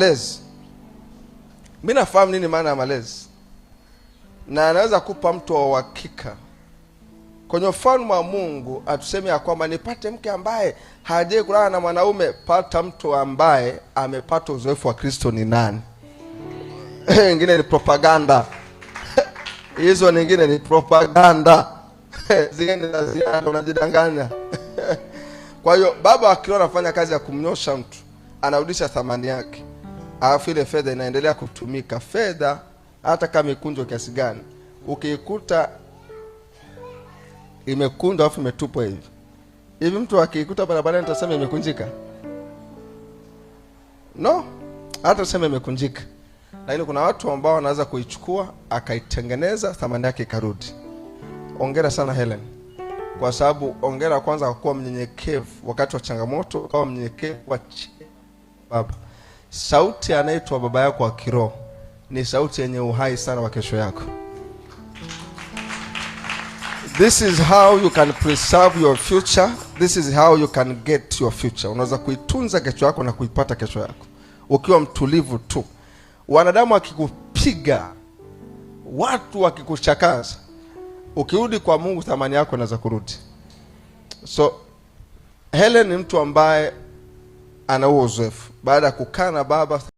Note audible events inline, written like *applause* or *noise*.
malezi. Mi nafahamu nini maana ya malezi, na anaweza kupa mtu wa uhakika kwenye ufalme wa Mungu. Atuseme ya kwamba nipate mke ambaye hajai kulala na mwanaume. Pata mtu ambaye amepata uzoefu wa Kristo ni nani? *laughs* Ingine ni propaganda *laughs* hizo, nyingine ni propaganda *laughs* zingine za ziada, unajidanganya. Kwa hiyo baba akiwa anafanya kazi ya kumnyosha mtu, anarudisha thamani yake alafu ile fedha inaendelea kutumika. Fedha hata kama ikunjwa kiasi gani, ukiikuta imekunjwa alafu imetupwa hivi hivi, mtu akiikuta barabarani atasema imekunjika? No, hata sema imekunjika. Lakini kuna watu ambao wanaweza kuichukua akaitengeneza, thamani yake ikarudi. Ongera sana Helen, kwa sababu ongera kwanza kuwa mnyenyekevu wakati wa changamoto, kawa mnyenyekevu wa baba sauti anaitwa baba yako wa kiroho ni sauti yenye uhai sana wa kesho yako. This is how you can preserve your future. This is how you can get your future. Unaweza kuitunza kesho yako na kuipata kesho yako ukiwa mtulivu tu. Wanadamu akikupiga, watu wakikuchakaza, ukirudi kwa Mungu thamani yako inaweza kurudi. So Helen ni mtu ambaye ana huo uzoefu baada ya kukaa na baba